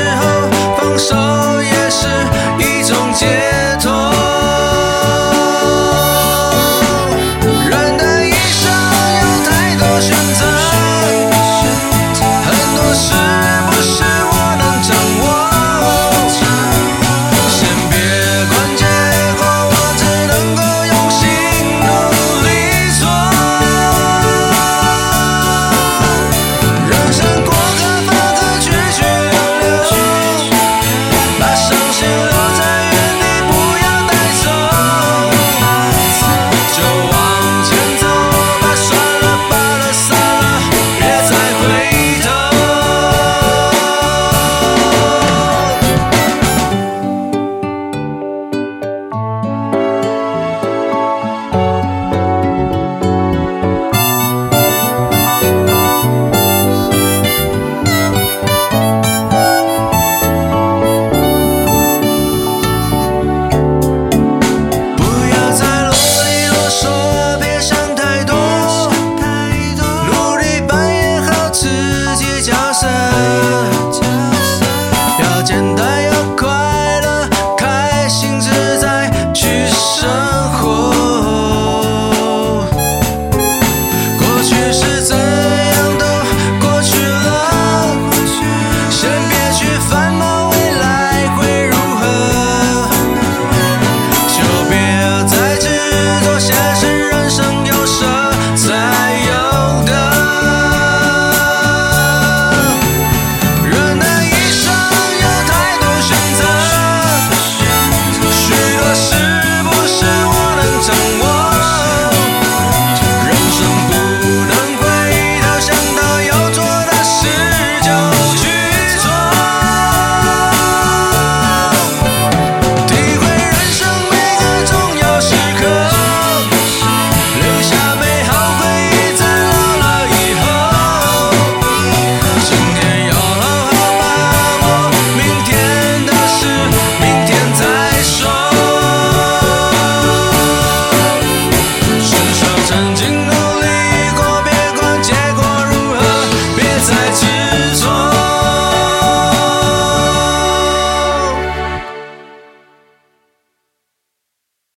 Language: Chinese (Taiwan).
時候放手。